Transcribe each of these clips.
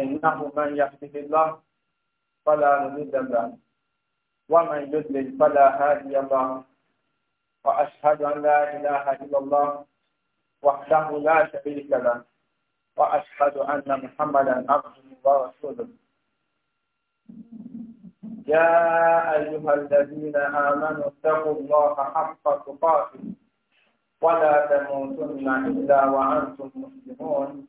إنه من يحفظ الله فلا مضل له ومن يدلل فلا هادي له وأشهد أن لا إله إلا الله وحده لا شريك له وأشهد أن محمدا عبده ورسوله يا أيها الذين آمنوا اتقوا الله حق تقاته ولا تموتن إلا وأنتم مسلمون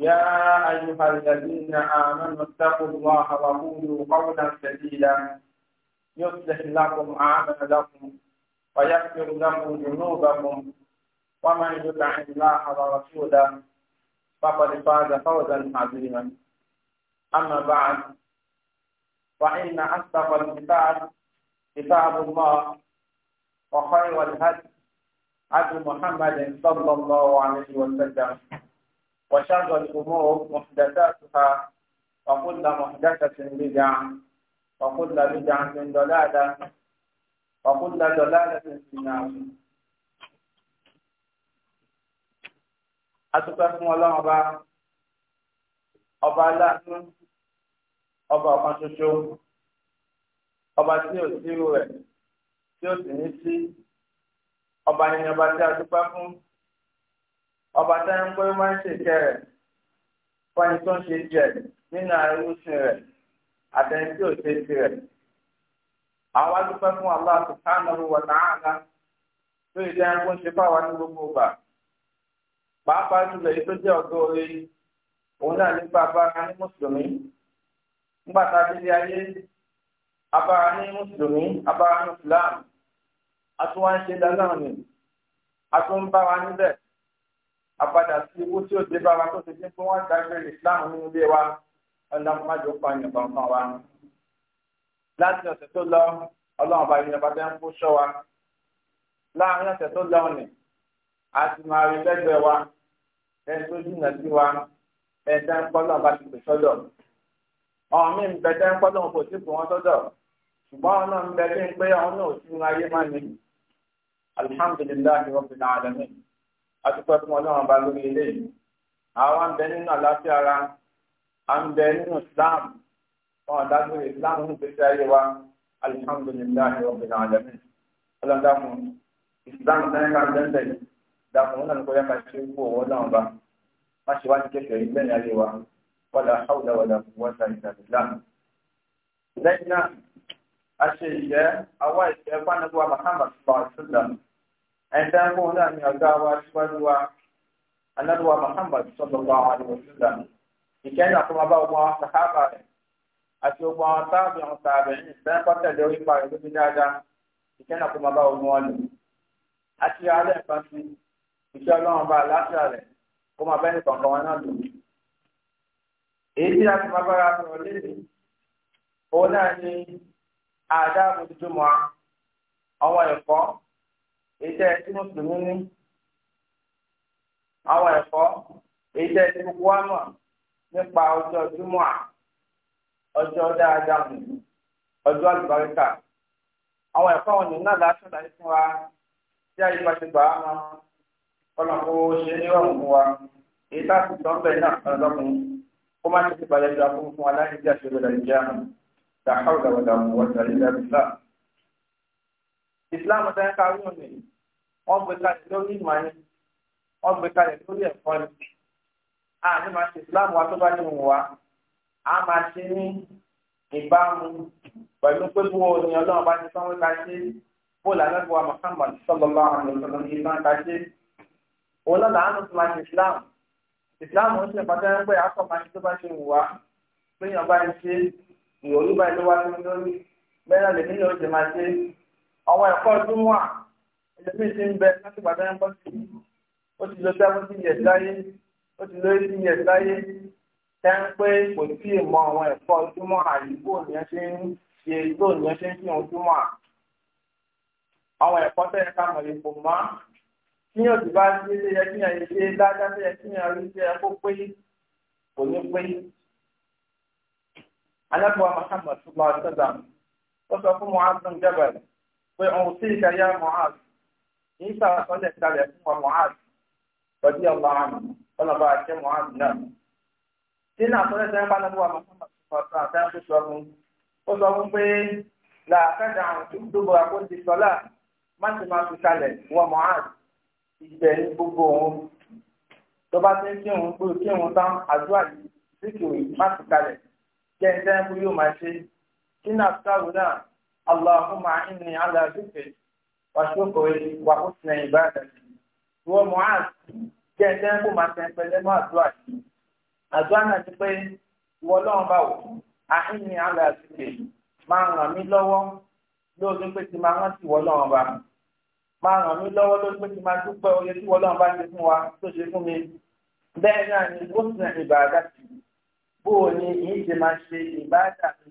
يا أيها الذين آمنوا اتقوا الله وقولوا قولا سديدا يصلح لكم أعمالكم ويغفر لكم ذنوبكم ومن يطع الله ورسوله فقد فاز فوزا عظيما أما بعد فإن أصدق الكتاب كتاب الله وخير الهدي هدي محمد صلى الله عليه وسلم وشر الأمور محدثاتها وكل محدثة بدعة وكل بدعة ضلالة وكل ضلالة في النار Adúpẹ́ fún ọlọ́run ọba ọba aláàánú ọba ọ̀kan ṣoṣo ọba tí ò sí rẹ̀ tí ò sì ní sí ọba yẹn ọba tí a dúpẹ́ fún. ọba tẹ́ ń pé máa ń rẹ̀ tó ń ṣe tiẹ̀ nínú àìrúsìn rẹ̀ àtẹni tí ò ṣe tirẹ̀. àwa dúpẹ́ fún Allah subhanahu wa ta'ala tó ìdí ẹranko ń ṣe fáwa ní gbogbo pàápàá jùlọ èyí tó jẹ́ orí òun náà ní bàbá ní a di ayé abára ní mùsùlùmí abára ní islam a tún wá ń ṣe dáná ni àpadà sí owó tí ó dé bá wa tó ti dín fún wọn dágbére Islam nínú ilé wa ọlọmọdé pa yìnbọn kan wa. láti ọ̀sẹ̀ tó lọ ọlọ́run ọba yìí ọba tẹ́ ń kó sọ wa láàrin ọ̀sẹ̀ tó lọ ni a ti máa rí lẹ́gbẹ̀ẹ́ wa ẹni tó jìnnà sí wa ẹni tẹ́ ń bá ti pè sọ́dọ̀ ọ̀hún mi ń bẹ tẹ́ ń kò sí pè wọ́n sọ́dọ̀ ṣùgbọ́n ọ̀hún náà ń bẹ bí ń pé ọ̀hún náà ò sí adúpẹ́ fún ọlọ́run ọba lórí eléyìí àwa ń bẹ nínú àlàáfíà ara à ń bẹ nínú islam wọn dájú islam ń pèsè ayé wa alihamudulilayi rabbil alamin ọlọ́run dákun islam sẹ́yìn ká bẹ́ẹ̀ dákun náà kó yẹ ká ṣe kú owó náà bá má ṣe wá ní kékeré bẹ́ẹ̀ ayé wa wala hawla wala quwwata illa Islam lẹ́yìn náà a ṣe ìyẹ́ àwa ìṣẹ́ fún anagbọ́n Muhammad sallallahu alaihi wasallam ẹ̀dá fún náà ni ọ̀gá wa síwájú wa anáduwa Muhammad sallallahu alaihi wasallam ìkẹyìn àkọ́mọ́ bá ọmọ sàhábà rẹ̀ àti ọmọ táàbì ọ̀hún tààbẹ̀ ní ìsẹ́yìn pọ́tẹ̀lẹ̀ orí parí lóbi dáadáa ìkẹyìn àkọ́mọ́ bá ọmọ ọ̀lẹ̀ àti alẹ́ nǹkan sí ìṣẹ́ ọlọ́run bá aláṣà rẹ̀ kó máa bẹ́ẹ̀ nìkan kan wọn náà lò èyí tí a ti máa bára sọ̀rọ̀ léde òun náà ni àdá àbójútó mọ́ àwọn ẹ̀kọ́ iṣẹ́ tí mùsùlùmí ní àwọn ẹ̀kọ́ iṣẹ́ tí gbogbo wa mọ̀ nípa ọjọ́ júmọ́ à ọjọ́ dáadáa mú ọjọ́ àlùbáríkà àwọn ẹ̀kọ́ wọn nìyí náà lásán fún wa tí àyè bá ti gbà á mọ ṣe ní wa èyí tá a sì tọ́ ń bẹ̀ náà kó má ti balẹ̀ islam tẹ́ kárí òní wọ́n gbé kalẹ̀ lórí ìmọ̀ ni wọ́n gbé kalẹ̀ lórí ẹ̀kọ́ ni a ní máa ṣe islam wa tó bá ti wù wá a máa ṣe ní ìbámu pẹ̀lú pé bó o ní ọlọ́run bá ti sanwó ká ṣe bó lànà wa Muhammad sallallahu alaihi wasallam ní ìbá ká ṣe òun náà làánú tó máa ṣe islam islam ń ṣe pàtẹ́ pé akọ máa ṣe tó bá ṣe wù wá péyàn bá ń ṣe ìròyìn báyìí ló wá sí lórí bẹ́ẹ̀ náà lè nílò ó ṣe máa ṣe àwọn ẹ̀kọ́ ìdúnwà ìdẹ́mí ti ń bẹ láti gbàdá ẹ̀ ń bọ́ ó ti lọ seventy years láyé ó ti lọ eighty years láyé tẹ́ ń pé kò tí ì mọ àwọn ẹ̀kọ́ ìdúnwà àyíkó nìyẹn ṣe ń ṣe tó nìyẹn ṣe ń fi hàn ìdúnwà àwọn ẹ̀kọ́ tẹ̀ ká mọ̀ ìfò mọ́ kí yóò ti bá ṣe é yẹ kí yẹn ṣe dáadáa tó yẹ kí yẹn rí ṣe kó pé kò ní pé alábọ̀ Muhammad sallallahu alaihi wasallam ó sọ fún Mu'adh bin Jabal pé òun sí ìkẹyà Mu'az ní sàkọlẹ̀ kalẹ̀ fún wa Mu'az pẹ̀lú ọba àmì ọlọ́ba àti Mu'az náà. nínú àtọ́lẹ̀ tẹ́ ń bá lọ́wọ́ àwọn ọmọ àti àti sọ fún ó sọ fún pé làákàdà àwọn tó dóbo àkóso sọlá má ti máa fi kalẹ̀ wọ Mu'az ìgbẹ́ ní gbogbo òun tó bá ti ń kí òun gbòó kí òun tán àdúrà yìí síkìrì má fi kalẹ̀ jẹ́ ń yóò máa ṣe nínú àtúntàwò náà اللهم أعني على ذكرك وشكرك وحسن عبادتك wọ́n mọ̀ á jẹ́ ẹ̀jẹ̀ kó máa tẹ̀ pẹ̀lẹ́ mọ́ àdúrà yìí. àdúrà náà ti pé ìwọ lọ́wọ́ bá wò àhínní àlọ́ àtìkè máa ràn mí lọ́wọ́ lórí pé ti máa rántí ìwọ lọ́wọ́ bá. máa ràn mí lọ́wọ́ lórí pé ti máa dúpẹ́ oye tí ìwọ lọ́wọ́ bá ti fún wa tó ṣe fún mi. bẹ́ẹ̀ náà ni ó sì rìn ìbàdà sí i. bó o ní ìyí ṣe máa ṣe ìbàdà mi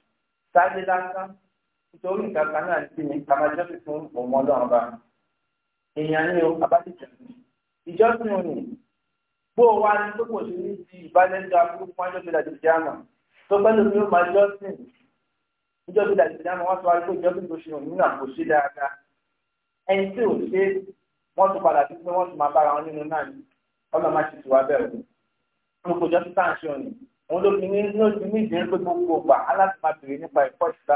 sáyé lásán nítorí nǹkan kan náà ti ní kàmájọ́ ti fún ọmọ ọlọ́run bá èèyàn ní o abájẹ́jẹ́ ìjọsìn òní bó o wá ní tó kò sí ní ti ìbálẹ́jọ́ abúlé fún ọjọ́ ìgbéra ti jáàmà tó pẹ́lú ní o máa jọ́sìn ìjọ ìgbéra ti jáàmà wọ́n sọ wá pé ìjọsìn tó ṣe òní náà kò sí dáadáa ẹni tí ò ṣe wọ́n tún padà sí pé wọ́n tún máa bára wọn nínú náà ọlọ́mà ti tù wá bẹ̀rù ní kò jọ́sìn tá ń ṣe òní òun ló fi ní ló fi ní ìdílé pé gbogbo gbà aláàbò máa bèrè nípa ẹ̀kọ́ ìgbà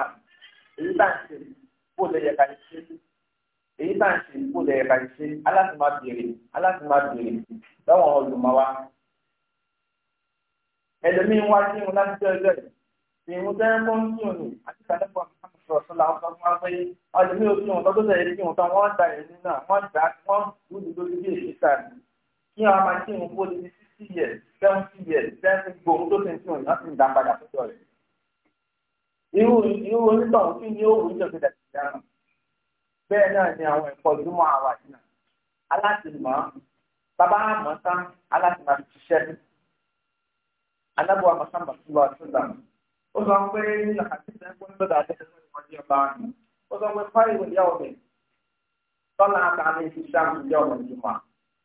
èyí bá ń ṣe kó lè yẹ ká ṣe èyí bá ń ṣe kó lè yẹ ká ṣe aláàbò máa bèrè aláàbò máa bèrè lọ́wọ́ olùmọ̀wá. ẹlẹ́mìí wá sí wọn láti jẹ́ ẹgbẹ́ ìrùn tẹ́ ń bọ́ ń tún ní àti sàlẹ́kọ̀ọ́ àmọ́ sọ̀lá ọ̀sán máa ń máa kí sixty years seventy years seventy gbogbo tó ti ń sìn ìyá sì padà sọ́dọ̀ rẹ̀. irú irú onítọ̀hún kí ni ó wù ú jọ gbẹdẹ sí bẹ́ẹ̀ náà ni àwọn ẹ̀kọ́ ìdúmọ̀ àwa yìí náà aláti bàbá àmọ́ tán aláti máa fi ṣiṣẹ́ ní. alábọ̀ àmọ́ sábà tó lọ sí ìgbà ó sọ pé àti ìdẹ́gbọ́n gbọ́dọ̀ àti ìdẹ́gbọ́n ìmọ̀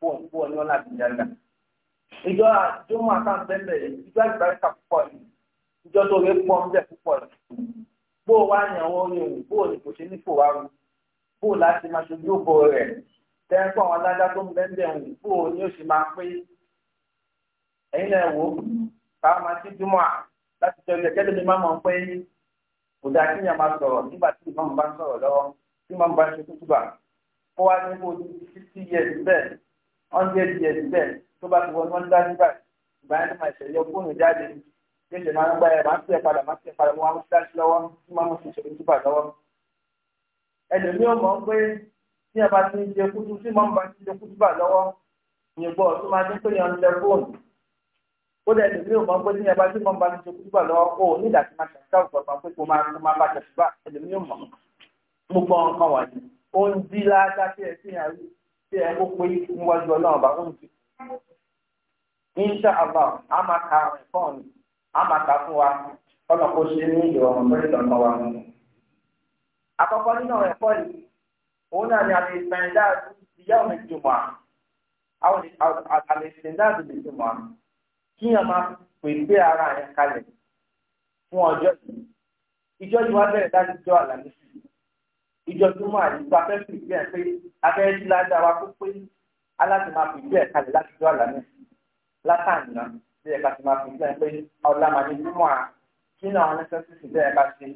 pọ̀ pọ̀ ní ọ̀nà ìjọ àjọmọ̀ àtàǹtẹ̀lẹ̀ ìjọ àgbàríkà púpọ̀ ni ìjọ tó rí pọ̀ ńbẹ̀ púpọ̀ ni. bó o wá ní àwọn orin bó o ní kò ṣe ní fòwárù bó o láti máa ṣojú òbò rẹ̀ tẹ́ńpọ̀ àwọn alájá tó ń bẹ́ńbẹ̀ òun bó o ní ó máa pé ẹ̀yin náà wò ó káwọn máa ti júmọ̀ láti tọ́ ilé kẹ́lẹ́ máa mọ̀ pé kò dáa kí èèyàn máa sọ̀rọ̀ nígbà tí ìmọ̀ hundred years bẹ́ẹ̀ tó bá ti wọ́n wọ́n dá nígbà ìgbà yẹn tó máa ṣe yọ fóònù jáde léṣe máa ń gbá ẹ̀ máa ń tẹ̀ padà máa ń tẹ̀ padà wọ́n á dá sí lọ́wọ́ tí máa ń fi ṣòro túbà lọ́wọ́. ẹlòmí ò mọ̀ pé tí a bá ti ń ṣe kútu tí máa ń bá ti ṣe kútu bà lọ́wọ́ ìyẹ̀bọ̀ tó máa ti ń pè yàn lẹ fóònù. ó dẹ̀ ẹlòmí ò mọ̀ pé tí a bá ti máa ń bá ti ṣe kútu bà lọ́wọ́ ó ní ìdàtí máa ṣàṣà òpapọ̀ pé kó máa kó máa bá ṣàṣùbà ẹlòmí ò mọ̀ gbogbo nǹkan wà tí ẹ kó pé níwájú ọlọ́run bá ń fi. insha allah a máa ka fún a máa ka fún wa kọ́nà kó ṣe ní ìrọ̀rùn lórí ìtọ́nà wa. àkọ́kọ́ nínú ẹ̀kọ́ yìí òun náà ni àlè ìsìndáàdì ìyá òun ìjùmọ̀ àwọn àlè ìsìndáàdì ìjùmọ̀ kí yẹn máa pèsè ara yẹn kalẹ̀ fún ọjọ́ yìí ìjọ́ yìí wá bẹ̀rẹ̀ dájú jọ àlàyé sí i ìjọ tó máa yí gba fẹ́ẹ́ pèsè ẹ̀ pé abẹ́rẹ́ ládà wa kó pé aláti máa pèsè ẹ̀ kalẹ̀ láti jọ àlànà látàná bí ẹ̀ka ti máa pèsè ẹ̀ pé ọ̀la màá ní mímọ́ à kí ni àwọn ẹ̀sẹ̀ sì sì bẹ́ẹ̀ bá ṣe.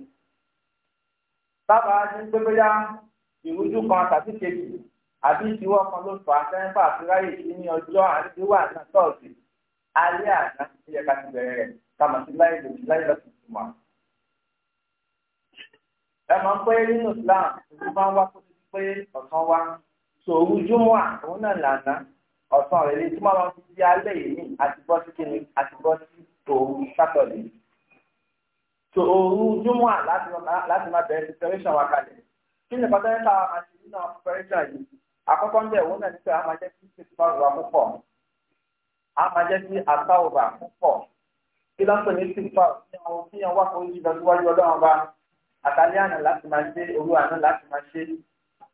bàbá ní gbégbéyà ìrújú kan tàbí kejì àbí ìṣíwọ́ kan ló fà á fẹ́ẹ́ fà sí ráyè sí ní ọjọ́ àdéhùn àná tọ́ọ̀sì alẹ́ àná bí ẹ̀ka ti bẹ̀rẹ̀ rẹ̀ kàmọ̀ sí láyé lòdì láyé lọ́sùn ẹ máa ń pẹ́ nínú Islam òkú máa ń wá kó ti pé ọ̀sán wá sòwú júmọ́ àwọn náà lànà ọ̀sán rẹ̀ lè túmọ̀ wọn fi di alẹ́ yìí ní àtibọ́ sí kíni àtibọ́ sí òru sátọ̀dé sòwú júmọ́ láti máa bẹ̀rẹ̀ preparation wa kalẹ̀ kí ni pàtàkì ká a máa ṣe nínú preparation yìí àkọ́kọ́ ń bẹ̀ òun náà ní pé a máa jẹ́ kí ṣètò bá wà a máa jẹ́ kí àtàwọ̀ wà púpọ̀ kí lọ́sọ̀ ní ṣètò bá wà fún yàn wá fún yíyọ síwájú ọlọ́run bá àtàlẹ́ àná láti máa ṣe òru àná láti máa ṣe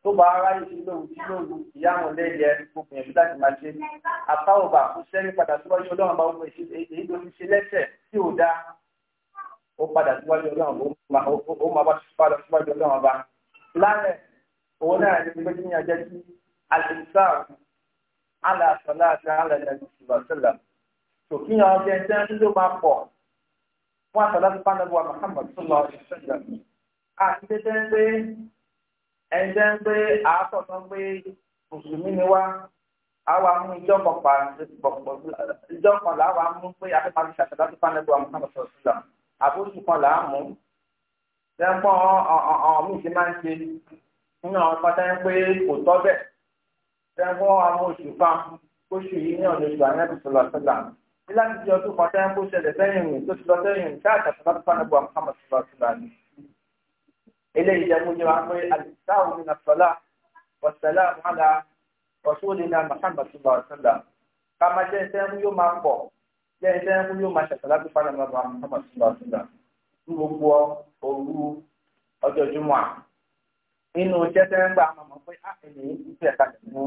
tó bá ara yìí sí lóru sí lóru ìyá àwọn lẹ́yẹ gbogbo yẹn láti máa ṣe àtàwọ̀bà kò sẹ́ni padà síwájú ọlọ́run bá wọ́n èyí ló ti ṣe lẹ́sẹ̀ tí ò dáa ó padà síwájú ọlọ́run ó máa bá padà síwájú ọlọ́run bá lálẹ́ òun náà ní pé kí ni ajẹ́ sí alẹ́sàr alàsọ̀lá àti alẹ́sàlá tòkí yẹn ọjọ́ ẹ̀ṣẹ́ ló máa pọ̀ fún àtàlásípánẹ́bù àmàhàmà tó lọ ìṣẹ́jà mi àti tẹ́tẹ́ ń pé ẹ̀jẹ̀ ń pé àátọ̀ tó ń pé mùsùlùmí ni wá àwa mú ìjọ kan làwa mú pé afẹ́fàlì ṣàṣàdá tó fà lẹ́gbọ̀ọ́ àwọn ọ̀sán ọ̀sán àbóṣù kan làá mú lẹ́pọ̀ ọ̀hún mi ti máa ń ṣe nínú àwọn pátá ń pé kò tọ́ bẹ́ẹ̀ lẹ́pọ̀ àwọn oṣù kan oṣù yìí ní ọ̀nà oṣù àyẹ̀bù sọ̀rọ̀ sọ̀rọ̀ níláti di ọdún kan tẹ́ ṣẹlẹ̀ sẹ́yìn rìn tó ti lọ sẹ́yìn rìn káàkiri àṣàdá tó fà lẹ́gbọ̀ọ́ àwọn ọ̀sán ọ̀sán eléyìí jẹ́mú yẹ wá pé alisáwò ní nàfọlá ọ̀sẹ̀lá àmàlà ọ̀ṣun ní nà Muhammad sùgbà ọ̀sẹ̀lá ká má jẹ́ ẹsẹ̀ mú yóò máa pọ̀ jẹ́ ẹsẹ̀ mú yóò máa ṣẹ̀ṣẹ̀ láti fara mọ́ bá Muhammad sùgbà ọ̀sẹ̀lá ní gbogbo òru ọjọ́ jùmọ̀ nínú jẹ́sẹ̀ ń gbà mọ̀ pé á ènìyàn ti fẹ́ ká lè mú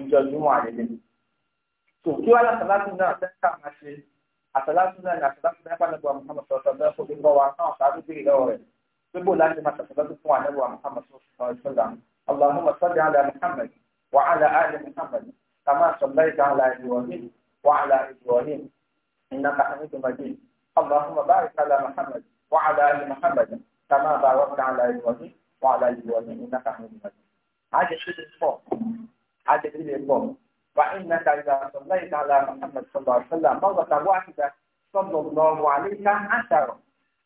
ìjọ jùmọ̀ àlele. tó kí wá lásàlátù náà sẹ́ńtà máa ṣe àsàlátù náà ní àsàlátù سبولا لما تفضلتم على نبوة محمد صلى الله عليه وسلم اللهم صل على محمد وعلى آل محمد كما صليت على إبراهيم وعلى إبراهيم إنك حميد مجيد اللهم بارك على محمد وعلى آل محمد كما باركت على إبراهيم وعلى إبراهيم إنك حميد مجيد هذا شيء الفوق هذا شيء الفوق وإنك إذا صليت على محمد صلى الله عليه وسلم مرة واحدة صلى الله عليه وسلم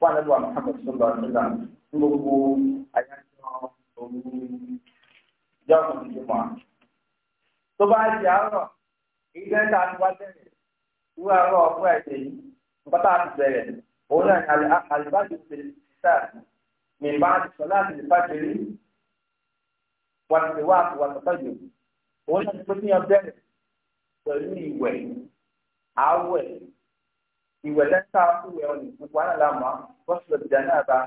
fún àlẹ́ wa Muhammad sallallahu alaihi wasallam ní gbogbo àyájọ́ òru ìjọ ọ̀sán ìjọba. tó bá ṣe àárọ̀ èyí bẹ́ẹ̀ tá a ti wá bẹ̀rẹ̀ ìwé àárọ̀ ọ̀pọ̀ ẹ̀jẹ̀ yìí nǹkan tá a ti bẹ̀rẹ̀ òun náà ni àlùbáṣe ṣe ṣáà mi bá ti sọ láti lè bá ṣe rí wà ti wá àti wà tọ́tọ́ yìí òun náà ti pé kí ìwẹ̀ lẹ́ńtà kúwẹ̀ ọ̀nì gbogbo àná la mọ̀ bọ́sùlọ̀ ìjà náà bá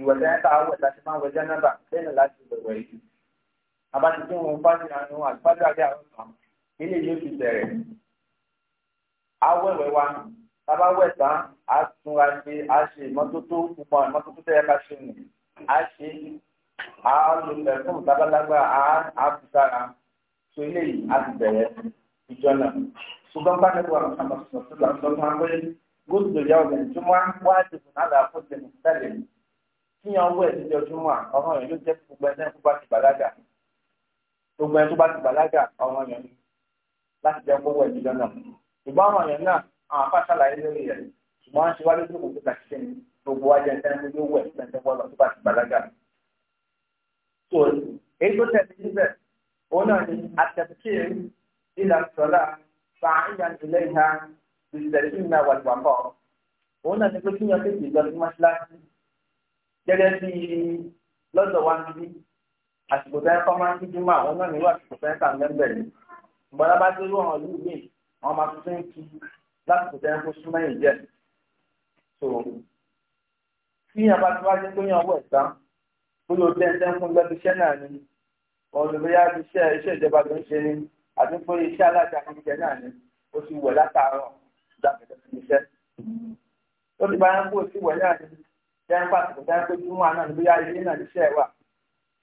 ìwẹ̀ lẹ́ńtà awẹ̀ láti máa wẹ̀jẹ̀ náà bá lẹ́nu láti bẹ̀rẹ̀ yìí. abájú tí wọn bá ti àánú àgbájá àgbà àwọn kan ilé yóò fi bẹ̀rẹ̀. awẹ́wẹ́ wa tábà wẹ̀ tán a túnra ṣe a ṣe ìmọ́tótó púpọ̀ ìmọ́tótó tẹ́yẹ ká ṣe nù a ṣe a lo ẹ̀fún tábàlágbà a fi sára so ilé yìí a ti bẹ̀rẹ̀ ìjọ náà ṣùgbọ́n bá nípa gúúsù yọ̀ọ̀bù ìjùmọ̀ wájibù nàlà àkóso ìmùsẹ̀lẹ̀ kíyàn owó ẹ̀dídì ọjọ́mọ̀ ọ̀ràn yẹn ló jẹ́ gbogbo ẹni tó bá ti bàlágà gbogbo ẹni tó bá ti bàlágà ọ̀ràn yẹn láti jẹ́ gbogbo ẹ̀dídì náà ṣùgbọ́n ọ̀ràn yẹn náà àwọn afá ṣàlàyé lórí rẹ̀ ṣùgbọ́n wọ́n ṣe wá lójú òkú kà ṣe gbogbo ajẹ́ ẹni tó wọ̀ ẹ̀dídì ọjọ́ ìsẹ̀lẹ̀kìnnà wàlúwàkọ̀ òun náà ti pé kí yan tètè lọ sí mọ́ṣáláṣí gẹ́gẹ́ bí lọ́dọ̀ wa níbí àsìkò tẹ́ kọ́ máa ń kí júmọ́ àwọn náà nílò àsìkò tẹ́ kà mẹ́mbẹ̀ ni ìgbọ́dá bá dé lóhàn ìlú mi wọ́n máa tún ń kí lásìkò tẹ́ kó súnmọ́ yìí jẹ́ so tí yan bá ti wá dé pé yan wọ̀ ẹ̀sán bóyá o tẹ́ntẹ́ ń fún lọ́dún iṣẹ́ náà ni olùbẹ́yà iṣẹ́ iṣẹ́ ìjọba ló ń ṣe ni àti pé iṣẹ́ alájà kan jẹ náà ni ó ti wọ̀ látàárọ̀ dákẹ́tẹ́ sí iṣẹ́. ó ti báyà ń bò sí wọ̀nyí àti jẹ́ ń pàtàkì jẹ́ ń pé júmọ́ àná ní bóyá ilé náà iṣẹ́ wà.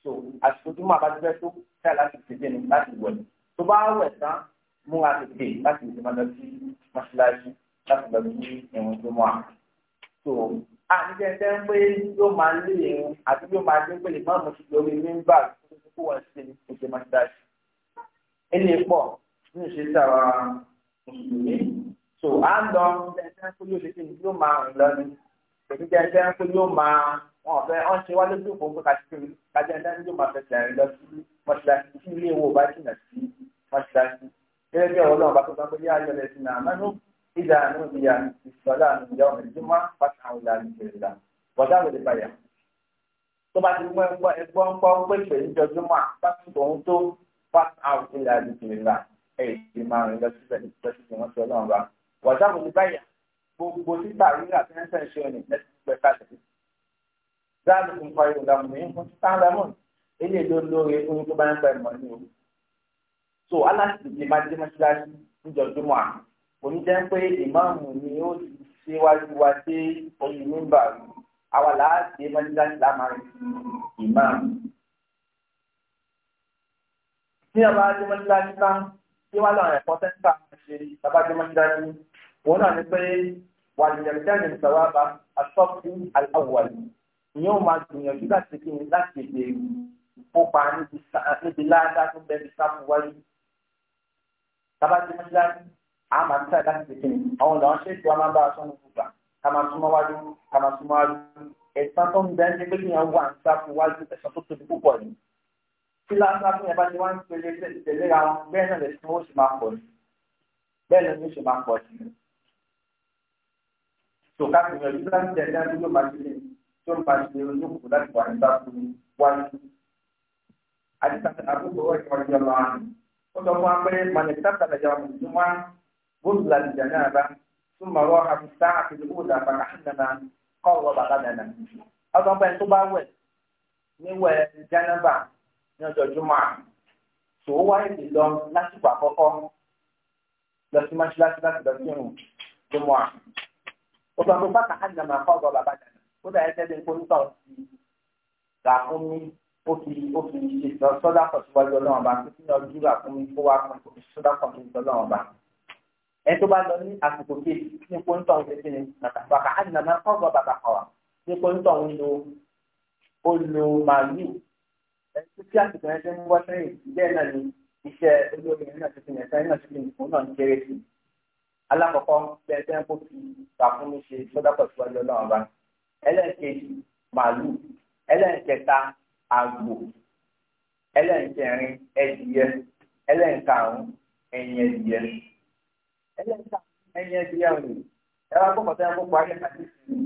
so àsìkò júmọ́ àbájọ fẹ́ tó fẹ́ láti tètè ní láti wẹ̀. tó bá wẹ̀ tán mú a tètè láti lè máa lọ sí mọ́ṣáláṣí láti lọ sí ìrìn júmọ́ à. so àníjẹ́ jẹ́ ń pé yóò máa lé irun àti yóò máa dín pé lè má mú lórí mímbà kó wọ́n ṣe ìṣe mọ́ṣáláṣí. ẹni pọ̀ ní ìṣe sára mùsùlùmí so à ń lọ jẹjẹrẹ pé yóò lè ṣe yóò máa rìn lọ ni èmi jẹjẹrẹ pé yóò máa wọn ọ̀fẹ́ ọ̀n ṣe wá lójú òfin pé kàṣíkiri kájẹ́ńdá yóò máa fẹsẹ̀ rìn lọ sí mọ́ṣáláṣí tí ilé ìwò bá jìnà sí mọ́ṣáláṣí gẹ́gẹ́ bí ọlọ́run bá tó bá pé yá ayọ̀lẹ̀ sí náà mẹ́nu ìdá àánú ìyá ìsọ̀lá ìyá ọ̀mọ̀ ìdúmọ̀ pàtàkì àwọn ìlànà ìjẹ̀rẹ̀dà wọ́n dáwọ̀ lè bàyà tó bá ti mú ẹgbọ́ ẹgbọ́ ń pọ́ pẹ̀lú ìjọjúmọ́ àtàkùn òun tó pass out ìlànà ìjìnlá ẹ̀ ìdí márùn-ún lọ síbẹ̀ lọ sí ìwọ́n sí ọlọ́run bá wàjáwò ní báyà gbogbo títà rírà tí wọ́n ṣe ọ̀nà lẹ́sìnkú káàkiri. Gáàlù fún parí ìdààmú yìí fún Sálẹ́mọ̀n ilé ló lóore fún tó bá ń gba ìmọ̀ ní òru. So aláṣẹ ti máa dé mọ́ṣáláṣí níjọ́júmọ́ à. Oníjẹ́ ń pé ìmáàmù ni ó ti ṣéwájú wa dé oyin nígbà àwa láti mọ́ṣáláṣí lámàrin ìmáàmù. Tí a bá dé mọ́ṣáláṣí tán, tí wọ́n lọ rẹ̀ pọ́tẹ́ńtà tabajẹ mọ́ṣáláṣí òun náà ni pé wàlìyànjẹ́ni ìsọ̀wábà asọ́kù aláwọ̀lì ìyẹn ò máa gbìyànjú láti kí ni láti èdè kópa níbi láàdá tó bẹ́ẹ̀ sáfù wáyé tabajẹ mọ́ṣáláṣí a máa tẹ̀ láti kí ni àwọn làwọn ṣe ètò amábá aṣọ́nù fúgbà ká máa súnmọ́ wájú ká máa súnmọ́ wájú ẹ̀sán tó ń bẹ́ẹ̀ ní pé kí ni wà ń sáfù wájú ẹ̀sán tó tóbi púpọ̀ ni tí láàdá tó yẹ bá ti wá ń tẹ̀lé tẹ̀lé ra wọn bẹ́ẹ̀ náà lè bẹ́ẹ̀ ni oṣù máa ń pọ̀ sí i. Tòká ti yànjú láti tẹ̀ ní àdúgbò máa ṣe tí ó máa ṣe olóòkú láti wà nígbà tó wáyé. Àdìsá àbúkọ̀ wọ́n ìwà ìjọ lọ àná. Ó sọ fún wa pé Màlẹ́sítà Tàlàyà ọ̀hún ti wá bóòlù làdìjà náà bá tún màá wọ́n àfi sá àti ìdókòwò làbà àhìnàna kọ́ ọ̀wọ́ bàbá nàná. Ó sọ pé tó bá wẹ̀ níwẹ̀ Jánábà ní ọjọ́ Júmọ̀ Tòó wáyé lè lọ lásìkò àkọ́kọ́ lọ sí mọ́ṣáláṣí láti lọ sí ìrùn tó mọ́ a. ó sọ pé bàtà hàn nàmà kọ́ ọ̀dọ̀ bàbá dànù ó dà ẹsẹ̀ bí n kórìtà ọ̀sì rà fún mi ó fi ó fi ṣètò sọ́dà kan síwájú ọlọ́run ọba tó kíni ọdún rà fún mi kó wá kan tó fi sọ́dà kan tó fi ọlọ́run ọba. ẹ tó bá lọ ní àsìkò kejì ní kórìtà ọ̀sì ti ní bàtà hàn nàmà iṣẹ́ olórin náà ti fi yẹn sẹ́yìn náà ti fi nìkún náà ń kéré sí i. alákọ̀ọ́kọ́ bẹ́ẹ̀ tẹ́ ń kó fi ìpàkúnmí ṣe sọ́dọ̀pọ̀ síwájú ọlọ́run ọba ẹlẹ́ẹ̀kejì màálù ẹlẹ́ẹ̀kẹta àgbò ẹlẹ́ẹ̀kẹrin ẹdìyẹ ẹlẹ́ẹ̀karùn-ún ẹyin ẹdìyẹ ẹlẹ́ẹ̀karùn-ún ẹyin ẹdìyẹ rèé ẹwà kọ́kọ́ tẹ́ ń kó parí àti ìsìn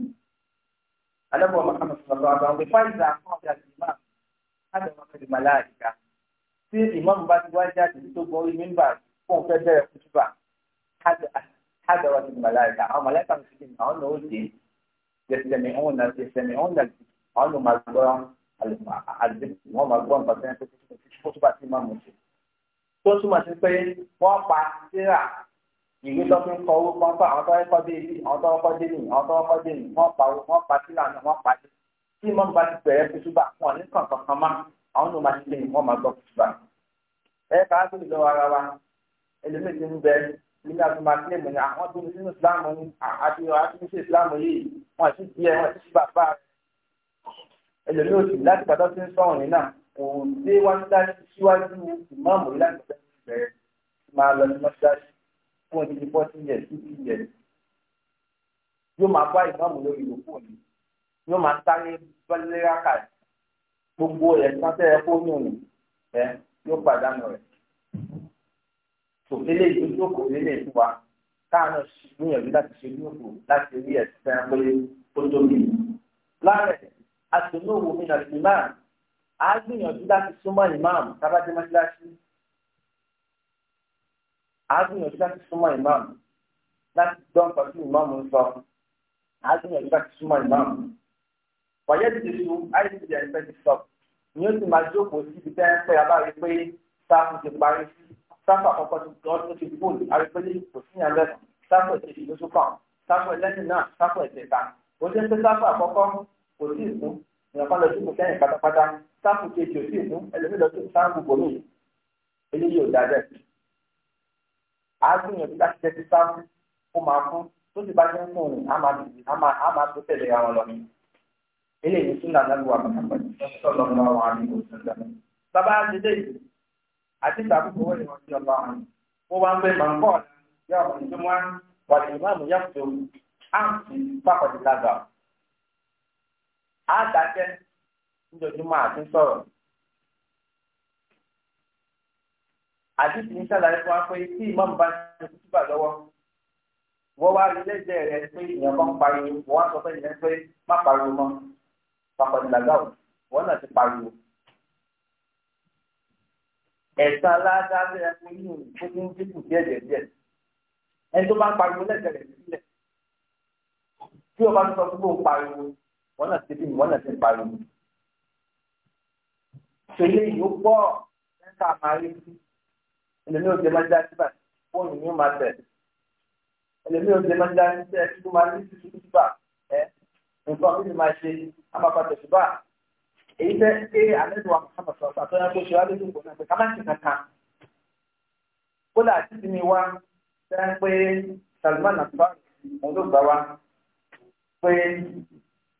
alẹ́ bọ̀ ọmọ kan sọ̀rọ̀ àgbà wọn pé fáìlì àkọ́ọ̀dà ti máa ń tí ìmáàmù bá ti wá jáde tó gbọ́ orí mímbà fún un fẹ́ bẹ̀rẹ̀ fún túbà hádàwà ti màláìka àwọn màláìka ti fi àwọn náà ó dé yẹsẹ̀mí òun náà yẹsẹ̀mí òun náà àwọn náà máa gbọ́ àlùfáà wọn máa gbọ́ nǹkan tẹ́lẹ̀ tó túbà tí ìmáàmù ṣe. tó túmọ̀ sí pé wọ́n pa síra ìwé tó fi ń kọ owó kan fún àwọn tó kọ́ dé ibi àwọn tó kọ́ dé nìyí àwọn tó kọ́ dé nìyí wọ́n pa síra náà wọ́n pa sí tí ìmáàmù bá ti bẹ̀rẹ̀ fún túbà wọn ní kàn àwọn náà máa ṣe wọ́n máa gbọ́ kùtùbà. ẹ ká tó lè lọ́wọ́ ara wa ẹlẹ́mìí ti ń bẹ nígbà tó máa kílẹ̀ mọ̀ ní àwọn tó ń sínú ìsìláàmù àti àtúnṣe ìsìláàmù yìí wọ́n àti díẹ̀ wọ́n àti sí bàbá rẹ̀. ẹlẹ́mìí ò sì láti gbàdọ́ sí ń sọ̀rọ̀ nínà kò dé wá ń dájú síwájú ìmáàmù yìí láti bẹ̀rẹ̀ máa lọ sí mọ́ṣáláṣí fún odidi fọ́tí yẹ̀ sí ti yẹ̀ yóò máa bá ìmáàmù lórí ìlú fóònù yóò máa sáré bọ́lẹ́ráka gbogbo ẹ̀sán tẹ́ ẹ kó nù ẹ yóò pàdánù rẹ̀ tòlélẹ̀ yìí yóò kò lélẹ̀ fún wa káàánú gbìyànjú láti ṣe yóòkù láti rí ẹ̀sán pé ó tóbi láàrẹ̀ àtúnúwò mi nà sí máa á gbìyànjú láti súnmọ́ ìmáàmù tábàdé mọ́ṣáláṣí á gbìyànjú láti súnmọ́ ìmáàmù láti gbọ́ nǹkan tí ìmáàmù ń sọ á gbìyànjú láti súnmọ́ ìmáàmù wàyẹ̀ ti sùn àìsí ìdí ẹ̀ńtẹ́ ti sọ̀rọ̀ ni ó sì máa jókòó síbi tẹ́ ń pẹ́ abá rí pé sáfù ti parí sáfù àkọ́kọ́ ti gbọ́ tó ti kú àrí pé kò sí yàn lẹ́nu sáfù ẹ̀sẹ̀ ìlú tó kàn sáfù ẹlẹ́yìn náà sáfù ẹ̀sẹ̀ ta ó jẹ́ pé sáfù àkọ́kọ́ kò sí ìkú ìyànfà lọ síkú sẹ́yìn pátápátá sáfù kejì ò sí ìkú ẹlẹ́mí lọ sí sáfù bòmí eléyìí ò dáa bẹ́ẹ̀. a gbìyànjú láti jẹ́ kí sáfù ó máa fún tó ti bá jẹ́ fún òun á máa tó tẹ̀lé ara wọn lọ eléyìí tún náà lálùwà Muhammad sọlọ ní ọmọ àmì òṣèlú bàbá àdédé àti ìtàkùkù wọlé wọn sí ọba àmì wọn wá ń pè máa ń bọ yà ọmọ ìjọba wà ní ìmáàmù yàtọ̀ àǹtí pàkọ̀dé lágbà àdàkẹ́ ńdọ̀júmọ́ àti sọ̀rọ̀ àti tì ń ṣàlàyé fún wa pé tí ìmáàmù bá ṣe kúkú bà lọ́wọ́ wọ́n wá rí lẹ́jẹ̀ẹ́ rẹ pé ìyẹn kan pariwo wọ́n á sọ pé ìyẹn pé má pariwo mọ́ pàpàdìlágàwò wọn náà ti pariwo. ẹ̀sán aláàdá bẹ́ẹ̀ fún inú tó ti ń dínkù díẹ̀ díẹ̀ díẹ̀ ẹni tó bá ń pariwo lẹ́sẹ̀rẹ̀ sílẹ̀ tí ọba tó sọ fún bóun pariwo wọn náà ti bímọ wọn náà ti pariwo. ṣèlè yìí ó pọ̀ ẹ̀ka àmàlẹ́ sí ẹlẹ́mi ò máa dá síbà fóònù yóò máa tẹ̀ ẹlẹ́mi ò máa dá síbà ẹ̀ nǹkan tó ti máa ṣe á máa fa tẹ̀síbà èyí fẹ́ ṣe àlejò àmọ́ sọ̀tà tó yẹ kó ṣe wá lójú ìbò náà pé ká má ṣe kankan kódà títí mi wá ṣe ń pé Salman àtúbà òun ló gbà wá pé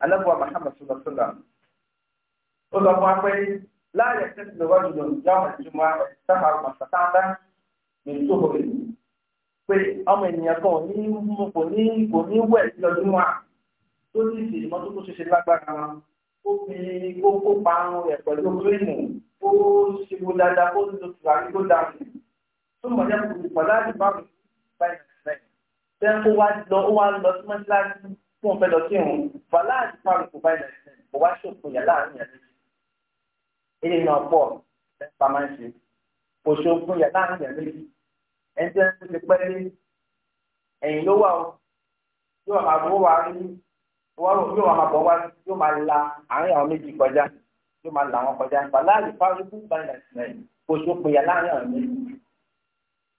alábùwà Muhammad sọlọ sọlọ ó lọ fún wa pé láàyè tẹ́sí lọ́wọ́ jùlọ ìjáwọ̀ ìjùmọ̀ sáfà màsàkàndá ní tòhórè pé ọmọ ènìyàn kan kò ní kò ní wẹ̀ lọ́dún wa tó ní ìsìn ìmọ́tótó ṣiṣẹ́ lágbára wọn ó fi kókó pa àrùn rẹ̀ pẹ̀lú kírímù ó ṣe wo dáadáa ó ní oṣù àrí tó dáa sí tó mọ̀ jẹ́ kò pọ̀ láti bá mi báyìí nàìjíríà tẹ́ ó wá lọ ó wá lọ sí mọ́ṣáláṣí tí wọ́n fẹ́ lọ sí ìrùn pọ̀ láti bá mi kò báyìí nàìjíríà kò wá ṣòfò yà láàrin yà méjì ilé náà pọ̀ ẹ̀ pàmò ṣe kò ṣòfò yà láàrin yà méjì ẹ̀ ń tẹ́ ti pẹ́ wọ́n rò yóò máa bọ̀ wá yóò máa la àárín àwọn méjì kọjá yóò máa la wọn kọjá bàlá ìfáwọn ikú báyìí nàìjíríà kò tó péye láàárín àwọn méjì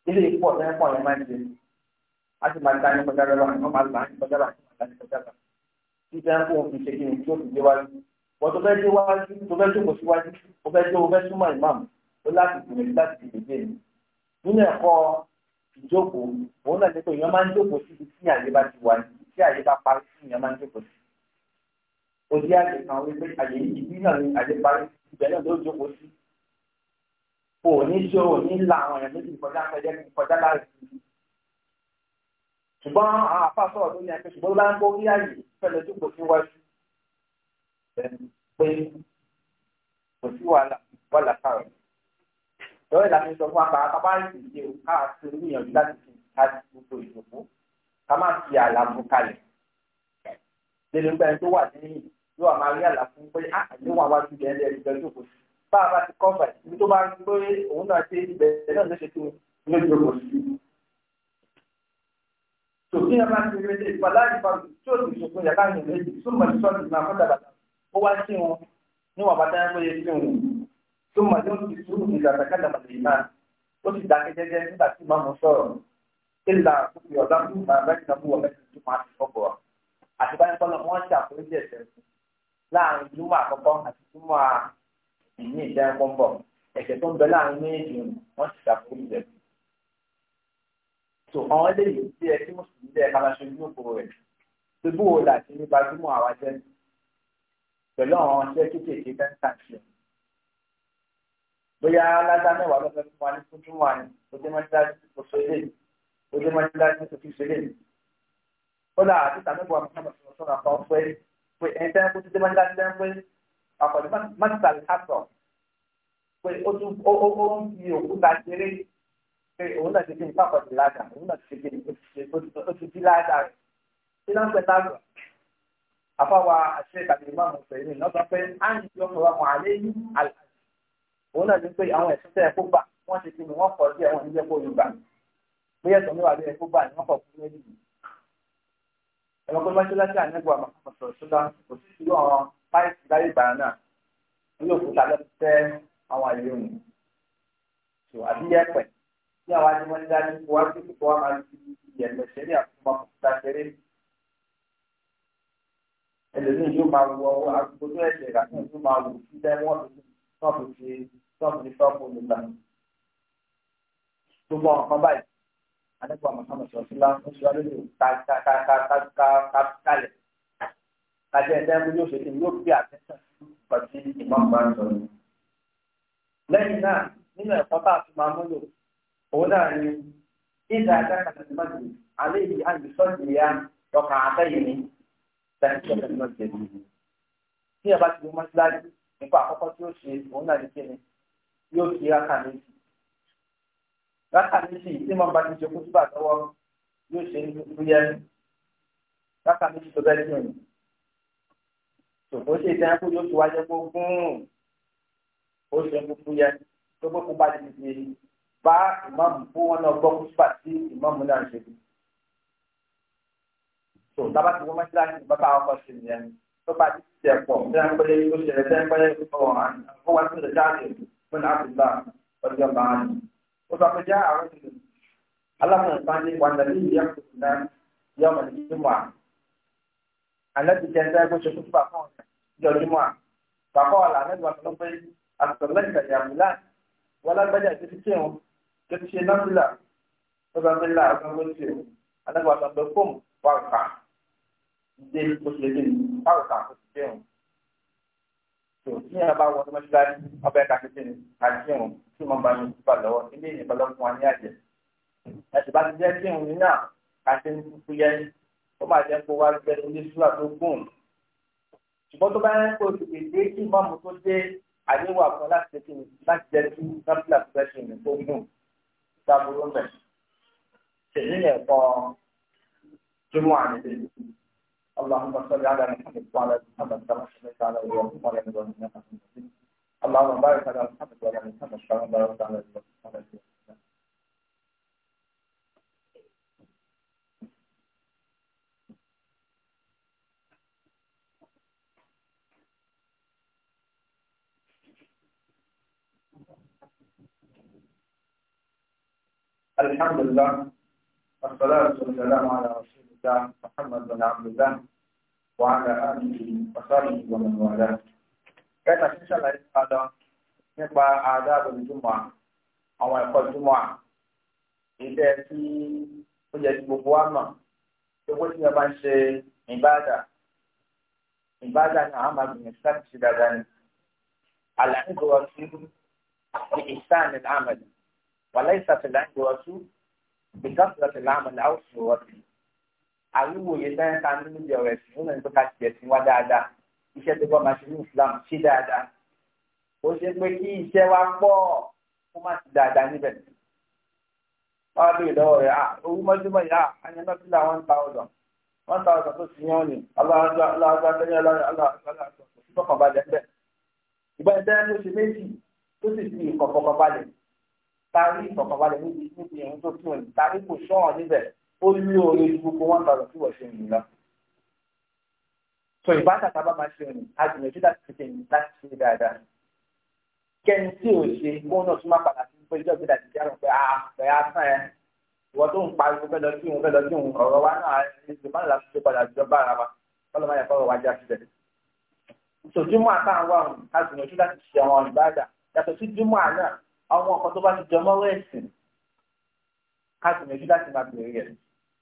ilé ìpọ̀ sẹ́yìn pọ̀ yẹn máa ń ṣe a sì máa ń ta ní kọjá lọ́wọ́ àti wọ́n máa la ní kọjá lọ́wọ́ àti wọ́n máa la ní kọjá lọ́wọ́ tí sẹ́yìn pọ̀ fi ṣe kí ni tí ó fi dé wájú wọ́n tó fẹ́ dé wájú tó fẹ́ jókòó síwájú o fẹ́ jó ó fẹ́ súnmọ́ ìmáàmù ó láti gbìyànjú láti gbìyànjú èyí nínú ẹ̀kọ́ ìjókòó òun náà ní pé èèyàn máa ń jókòó síbi tí àyè bá ti wájú tí àyè bá parí sí ìyẹn máa ń jókòó sí. Òdi àyè kan wípé àyè ìbí náà ni àyè parí ibẹ̀ náà ló jókòó sí. Òní ṣe òní la àwọn èèyàn méjì kọjá kọjá kọjá láàrin. Ṣùgbọ́n àwọn àfa sọ̀rọ̀ lórí ẹ̀kẹ́ ṣùgbọ́n ó bá ń kó kí àyè fẹ́lẹ̀ jókòó sí wájú. Pé kò sí wàhálà wàhálà kárọ̀. Lọ́wọ́ ìlànà ìsọfún apá apá ìsìn ká má fi àlàfo kalẹ̀ lẹ́nu nígbà yẹn tó wà ní yóò wà máa rí àlàfo pé ah, àyè wà wá sí ilẹ̀ ẹ̀dẹ̀ tó kù bá a bá ti kọ́ fà ibi tó bá ń pé òun náà ṣe ibẹ̀ náà ló ṣe tó ní ojú kò sí. tòkí yẹn máa ń fi rẹ́lẹ̀ ìpàdé ìpàdé tí ó ti sòkun yàrá yìí lè jù súnmọ́ ní sọ́ọ̀tì náà fún dàgbà ó wá sí wọn níwọ̀n bàtà ń péye sí wọn súnmọ́ yóò ti sùn ìgbà ìlà àkókò ọ̀dà tó máa mẹ́rin náà mú wọ mẹ́rin tó máa ti fọ́bọ̀ wa. àtibáyé kọ́lọ̀ wọ́n ṣàforíjì ẹ̀ṣẹ̀ láàrin júmọ̀ àkọ́kọ́ àti júmọ̀ ìní ìdáyẹ̀kọ́ ń bọ̀ ẹ̀ṣẹ̀ tó ń bẹ láàrin méjì wọ́n ti ṣàforíjì ẹ̀ṣẹ̀. tó àwọn eléyìí tí ẹ tí mùsùlùmí bẹ́ẹ̀ kára ṣe ní òkú rẹ̀ pé bó o là ti nípa júmọ̀ àwa jẹ́ pẹ̀lú àwọn ọṣẹ́ kéékèèké fẹ́ńtà ṣe bóyá lágbá mẹ́wàá lọ́fẹ́ fún wa ní fún júmọ̀ àná ojú mọ́ṣáláṣí kò sọ eléyìí ojú máa ń dá ní tuntun ìṣẹ̀lẹ̀ yìí ó là àti tàmíbù àmọ́ sọ̀rọ̀ kan pé pé ẹni tẹ́ ń kú títí máa ń dá títẹ́ ń pé àkọ́jú mọ́tìtà àtọ̀ pé ó tún ó ń fi òkúta ṣeré pé òun náà ti fi nípa àkọ́jú láàdà òun náà ti fi ó ti fi láàdà rẹ̀ tí náà ń pẹ́ táàgbà àfáwà àṣẹ tàbí ìmáàmù sẹ̀yìn náà sọ pé á ń yọ ọ̀rọ̀ mọ̀ àlẹ́ yìí àlàyé òun náà ní pé àwọn ẹ̀sìn tẹ́ ẹ kó gbà wọ́n ti fi wọ́n kọ̀ sí ẹ̀wọ̀n níjẹ́ kó bóyá ẹ̀sọ́ mẹ́wàá ló yẹ kó gbà ní wọ́n kọ̀ fún méjì yìí. ẹ̀rọ pé mọ́ṣáláṣí ànẹ́gbọ́ àmọ̀kọ̀sọ̀ ṣúlá kò sí sí àwọn páìpì láyé ìgbà náà ní òkúta ló fẹ́ àwọn àyè òun. tó àbí yẹpẹ̀ tí àwọn adimọ́lẹ́dá ní kó wá sí kó wá máa fi yẹ̀pẹ̀ ṣeré àfọmọkùnta ṣeré. ẹlòmíì yóò máa wọ agogo tó ẹ̀ṣẹ̀ ìrànlọ́ yóò máa wò sí lẹ́wọ̀n tó tọ́ọ̀bù ti tọ́ọ̀bù ti tọ́ọ̀bù nígbà. gbogbo àwọn kan báyìí adẹ́kọ̀ àmọ̀sánmọ̀ sọ̀túnlá ń sọ lórí kálẹ̀ kájẹ́ ẹ̀dá ẹ̀kú yóò ṣètò yóò gbé àtẹ́sán pàtí ìmọ̀ọ́gbà ń sọ̀rọ̀. lẹ́yìn náà nínú ẹ̀kọ́ tá a ti máa múlò òun náà ni ìdá ẹ̀dá kàtàkùnmájì alẹ́ yìí àyùsọ́ọ̀dì ya ọkà àtẹ́yìn ní tẹ̀síọ̀ tẹ̀síọ̀ tí ẹ bá ti mú mọ́síláàdì nípa àkọ́kọ́ tí ó ṣe òun náà ní kíni yóò ṣe ákà méjì rákà méjì tí màá bá ti ṣe kútúbà lọ́wọ́ yóò ṣe nígbú yẹn rákà méjì tó bẹ́ẹ̀ tún yìí tòkó ṣe ìtẹ́yẹ kó yóò ti wáyé kó gún ó ṣe kúkú yẹn tó gbé kó bá ti ti bá ìmáàmù fún wọn náà gbọ́ kútúbà tí ìmáàmù náà ṣe bí. tó tábà tí wọ́n mẹ́tí láti bá báwọn kọ́ sí nìyẹn tó bá ti ti ẹ̀ pọ̀ ní ẹni pẹ́lẹ́ ó ṣẹlẹ̀ ní ẹni pẹ́lẹ́ ó wà ní ọ̀hún wá sí ìrẹ̀jáde fún àbúgbà ọjọ́ bá wọn. وفجاء رجل الله الثاني والذي يقصد الناس يوم الجمعة الذي كان يقول شكوك بقول يوم الجمعة فقال عن النبي صلى الله عليه وسلم أصلك يا فلان ولا بدأ تفكيهم تفشي نفلا فبأمر الله أصلا تفكيهم أنا قلت لكم فارقا دين مسلمين فارقا تفكيهم tó tí yẹn bá wọn tó máa ṣe láti ọbẹ̀ ká kékeré ní àti ìwọ̀n tí wọ́n bá ní ìfúpa lọ́wọ́ ilé ìyẹ̀bọ̀ lọ́ fún wa ní àjẹ. ẹ̀sìn bá ti jẹ́ kí ìwọ̀n náà ká ṣe ń kúkú yẹn ó máa jẹ́ kó wá gbẹ ní sùúrà tó gùn. ṣùgbọ́n tó bá yẹn kó tètè dé kí ìmọ̀mù tó dé àdéhùn àfọ láti ṣe láti jẹ́ kí náfìlà tó fẹ́ tó gùn dábúrò mẹ́. tèmi yẹn kọ́ jùmọ̀ àmì اللهم صل على محمد وعلى ال محمد كما صليت على ابراهيم وعلى ال ابراهيم انك حميد مجيد اللهم بارك على محمد وعلى ال محمد كما باركت على ابراهيم وعلى ال ابراهيم الحمد لله والصلاة والسلام على رسول الإسلام محمد بن عبد الله وعلى آله وصحبه ومن والاه. كان إن شاء الله هذا نبقى آداب الجمعة أو يقول الجمعة إذا في يجب بوانا يقول يا من عبادة عبادة عمل من الإسلام سيدنا على عند رسول بإحسان العمل وليس في العند رسول بكثرة العمل أو صورته àríwòye sáyẹ́ńsì àti níbi ọ̀rọ̀ ẹ̀sìn fún ẹni tó ká tiẹ̀ sí wá dáadáa iṣẹ́ tó bá máa ṣe ní Islam ṣe dáadáa ó ṣe pé kí iṣẹ́ wa pọ̀ kó má ti dáadáa níbẹ̀ wọ́n á béèrè lọ́wọ́ rẹ̀ à owó mọ́júmọ́ yìí à àyànná sílẹ̀ one thousand one thousand tó ti yán ni aláàjọ aláàjọ abẹ́rẹ́ aláàjọ aláàjọ kò sí kọ̀kan balẹ̀ ńbẹ̀ ìgbà ìtẹ́rẹ́ tó ṣe méjì tó sì fi ìkọ̀kọ̀kan balẹ̀ tarí ìkọ̀kan balẹ̀ níbi níbi ìrìn tó tún tarí kò ṣọ́ọ̀ níbẹ̀ ó ní oore ju gbogbo wọn bàrọ̀ tí wọ́n ṣe ń lọ. sọ ìbáṣà tá máa ṣe rìn a gbìyànjú láti ṣe kẹ́yìn láti ṣe dáadáa. kẹ́ni tí ò ṣe kóun náà tún máa padà sí pé ìjọba ìdàgbé ti àrùn pé a ah, fẹ́ á sàn ẹ́ ìwọ tó ń pariwo fẹ́ lọ sí òun fẹ́ lọ sí òun ọ̀rọ̀ wa náà ẹ̀ṣẹ̀ má là ṣe padà jọba ara wa kọ́lọ́ máa yẹ kọ́rọ̀ wa já síbẹ̀. sòjúmọ́ àtàwọn àrùn a gbìyànjú láti ṣe àwọn ìbáàdà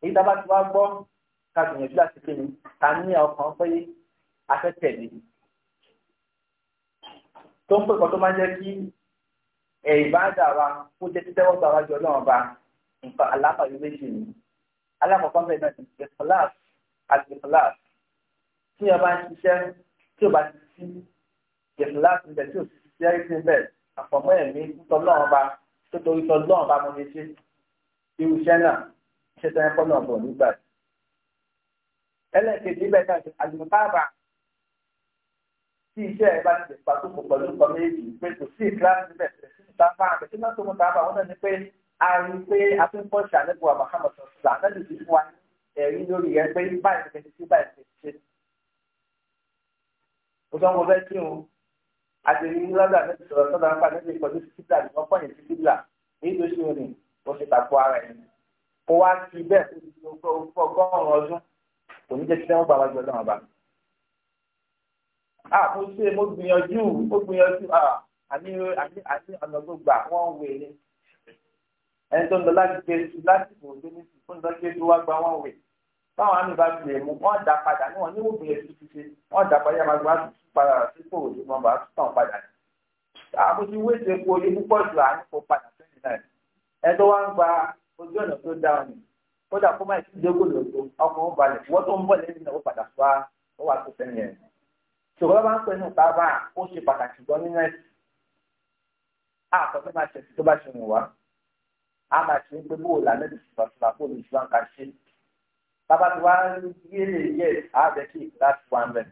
èyí tá a bá ti wá gbọ́ ká gbìyànjú láti pé ni ká ní ọkàn pé afẹ́tẹ̀lé tó ń pè kọ́ tó máa ń jẹ́ kí ìbáàdà wa kó jẹ́ títẹ́wọ́ gba wájú ọlọ́run ba nǹkan aláfààní méjì ni alákọ̀ọ́kọ́ bẹ́ẹ̀ náà ti ṣe class àti class tí ọba ń ṣiṣẹ́ tí ọba ti ṣí ìfúláàsì ń bẹ̀ tí ò sì ṣiṣẹ́ rí sí bẹ́ẹ̀ àfọ̀mọ́ ẹ̀mí tọ́lọ́run ba tó torí tọ́lọ́run ba mo ní ṣe irú náà ṣe tẹ́ ẹ kọ́nà bọ̀ nígbà tí. ẹlẹ́ẹ̀kejì bẹ́ẹ̀ ká ṣe àjùmọ̀tàbà tí iṣẹ́ ẹ bá ti pàtó pọ̀ pẹ̀lú nǹkan méjì pé kò sí ìkíláàsì níbẹ̀ tẹ̀lé sí ìtafà àbẹ̀ tí wọ́n tó mú tàbà wọn náà ni pé a rí pé a fi ń pọ̀ ṣe àlẹ́ buwa Muhammad sọ̀tà lẹ́yìn tí fún wa ẹ̀rí lórí ẹ pé báyìí ti ti báyìí ti ṣe. mo sọ wọn fẹ́ kí n àtẹ̀rí lọ́dọ̀ àti sọ̀rọ̀ sọ́dọ̀ nípa níbi ìkọ́jú sí kíbla ìwọ́n pọ̀ yẹn sí kíbla èyí tó ṣe ó wá sí bẹ́ẹ̀ fọgọ́rùn ọdún kò ní jẹ́ kí sẹ́wọ́n bàbá jọ lọ́wọ́ bá. a mo ṣe mo gbìyànjú mo gbìyànjú àní àní ọ̀nà gbogbo àwọn òwe ni ẹni tó ń lọ láti gbé láti kò gbé ní fún ìdọ́jú gbé tó wá gba wọn òwe báwọn àmì bá gbé mu wọ́n dá padà ní wọn ní wọ́n gbìyànjú ti ṣe wọ́n dá padà máa gbá padà sípò òjò wọn bá tàn padà ní àbójú wéṣe kó oyè púpọ̀ jù àní kò padà sẹ́yìn náà ẹ tó wá ń gba ojú ọ̀nà tó dára ni kódà kó má ti dégò lòtó ọkàn ó balẹ̀ wọ́n tó ń bọ̀ lẹ́yìn náà ó padà fa ó wà tó sẹ́yìn ẹ̀. ṣòro bá ń pè ní ìpàbà ó ṣe pàtàkì gan nínú ẹ̀sìn. àkọ́kọ́ máa ṣẹ̀sìn tó bá ṣe wù wá a máa ṣe ń pé bó o là lẹ́nu ìfàṣùfà kó lè ṣùgbọ́n ká ṣe. bàbá tí wàá yéèrè yẹ àbẹ̀ kí láti wà mẹ́.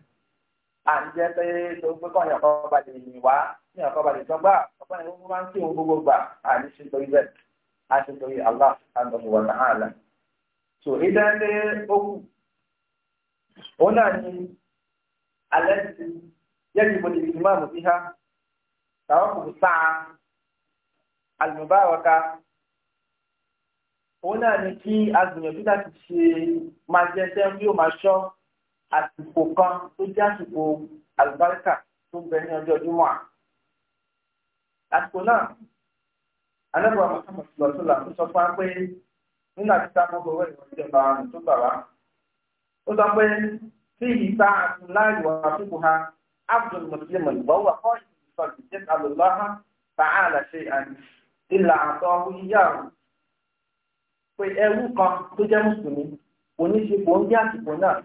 à ń jẹ́ pé tó pé kọ́ àti torí Allah subhanahu wa ta'ala. So ìdálé okù, òun náà ni alẹ́ ti yẹ́nì ìbòdì ìmáàmù sí ha, tàwọn kò sáà, àlùmọ́báwọ́ká, òun náà ni kí a láti ṣe máa jẹ ẹsẹ̀ bí ó máa ṣọ́ àsìkò kan tó jẹ́ àsìkò àlùbáríkà tó bẹ ní ọjọ́ Jímọ̀. Àsìkò náà alẹ́bùrọ̀ mọ̀tàmọ̀ lọ́sọ̀là tó sọ fún wa pé nínú àti sáfún owó ìrọ̀lẹ́ ọba àrùn tó gbà wá. ó sọ pé tí ìta àti láì wà fúnpù ha abdul muslimun wọ́wọ́ kọ́ ìsọ̀tì jẹ́ alùláhà tààlà ṣe àní ìlà àtọ́ yíyàwó. pé ẹrú kan tó jẹ́ mùsùlùmí oníṣepò ń bí àsìkò náà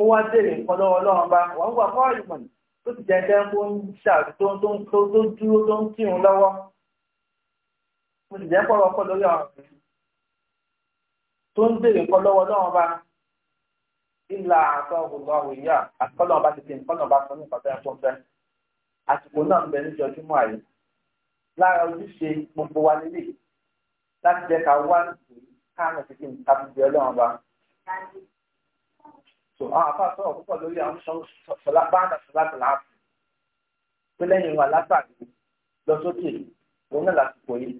ó wá dèrè nǹkan lọ́wọ́ lọ́wọ́ bá wọ́n wà kọ́ ìmọ̀ tó ti jẹ́ ẹgbẹ́ tó ń dúró tó ń kírun mo sì jẹ́ pọ̀rọ̀ ọkọ̀ lórí ọ̀rọ̀ rẹ̀ tó ń béèrè nǹkan lọ́wọ́ lọ́wọ́ bá ìlà àtọ́gùn lọ́wọ́ ìyá àtọ́lọ́wọ́ bá ti di nǹkan náà bá sọ nípa tó yẹ kó fẹ́ àsìkò náà ń bẹ níjọjúmọ́ àyè lára ojúṣe gbogbo wa nílé láti jẹ́ ká wá káàmì títí tàbí di ọlọ́run bá. so àwọn afá sọ̀rọ̀ púpọ̀ lórí àwọn sọ̀lá báńdà sọ̀lá tìlá pé lẹ́yìn wa látàrí lọ sókè òun náà lásìkò yìí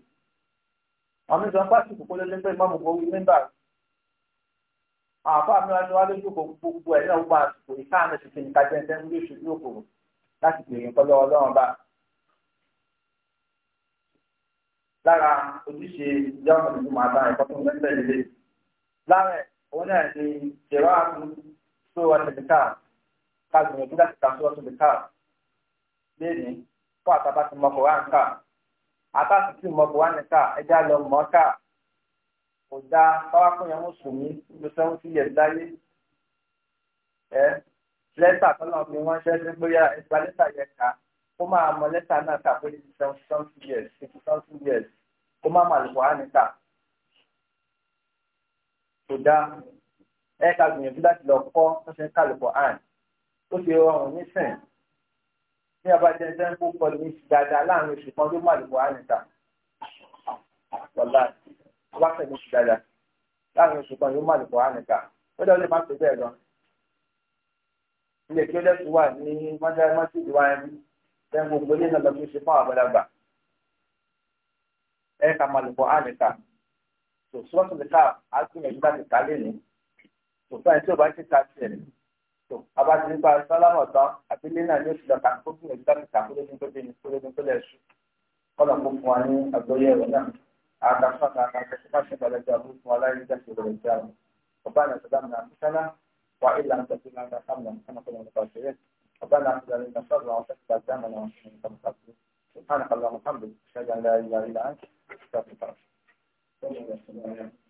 àmì ìjọba pàṣípù kó lélẹ́gbẹ́ ìmọ̀mù kó wí nígbà àbá mi wá ní wá lójú kò gbogbo ẹ̀ náà wá àsìkò ìka àmì ìṣẹ̀ṣẹ̀ nìka jẹ́ńtẹ́ ń lé ìṣojú òkòrò láti bèèrè nǹkan lọ́wọ́ lọ́wọ́ bá. lára ojúṣe ìjọba tuntun máa bá ẹ̀kọ́ tó ń gbẹ́sẹ̀ lélẹ̀ lára òun náà ni ìṣẹ̀rọ àtún tó wà ní ìka ká gbìyànjú láti kà sọ́ọ́ àtàkì tí mo bọ̀ wá nìka ẹja lọ mọ́ ká kò dá báwa fún yẹn mùsùlùmí níbi tí wọ́n ti yẹ̀ láyé ẹ lẹ́tà tọ́lọ́ fi wọ́n ṣẹ́ sí bóyá ẹgbà lẹ́tà yẹn ká kó máa mọ lẹ́tà náà kà pé seventy something years sixty something years kó má má lùkọ́ wá nìka kò dá ẹ ká gbìyànjú láti lọ kọ́ ṣe ń kálùkọ́ àn ó ti rọrùn nísìnyí ní abájẹ ẹsẹ ń kó kọlu ní dáadáa láàrin oṣù kan ló má lè wọ àyìnká wọlá abáfẹ́ ní oṣù dáadáa láàrin oṣù kan ló má lè wọ àyìnká ó dẹ́ lè má pè bẹ́ẹ̀ lọ. ilé kí ó lẹ́sùn wà ní mọ́tàmọ́tì ìwà ẹni ṣe ń gbogbo ilé náà lọ sí oṣù fún àbọ̀dàgbà ẹ kà má lè wọ àyìnká tòṣùwọ́n tó lè ká àgbìyànjú láti kálé ní tòṣùwọ́n tí ò bá ti ká tiẹ̀ nìyí tó abá ti nípa sálámà tán àbílẹ̀ náà ní oṣù lọ́ka tó fún ẹ̀dá kìkà kó lójú tó dénú kó lójú tó lẹ̀ ṣù kọ́nà kó fún wa ní àgbọ̀yẹ̀ rẹ̀ náà àkàtúntà àkàtúntà tó má ṣe gbàdájọ́ àbúrò fún wa láyé ìjà ìṣòro ìjà rẹ̀ ọba náà sọdá mi àti sálá wà ilà ń tẹ̀sí náà ká sáàmù náà kọ́nà nípa ìṣẹ̀lẹ̀ ọba náà sọdá mi àti àmọ̀ náà ṣe nípa nípa ìṣẹ̀lẹ̀ سبحانك اللهم وبحمدك اشهد ان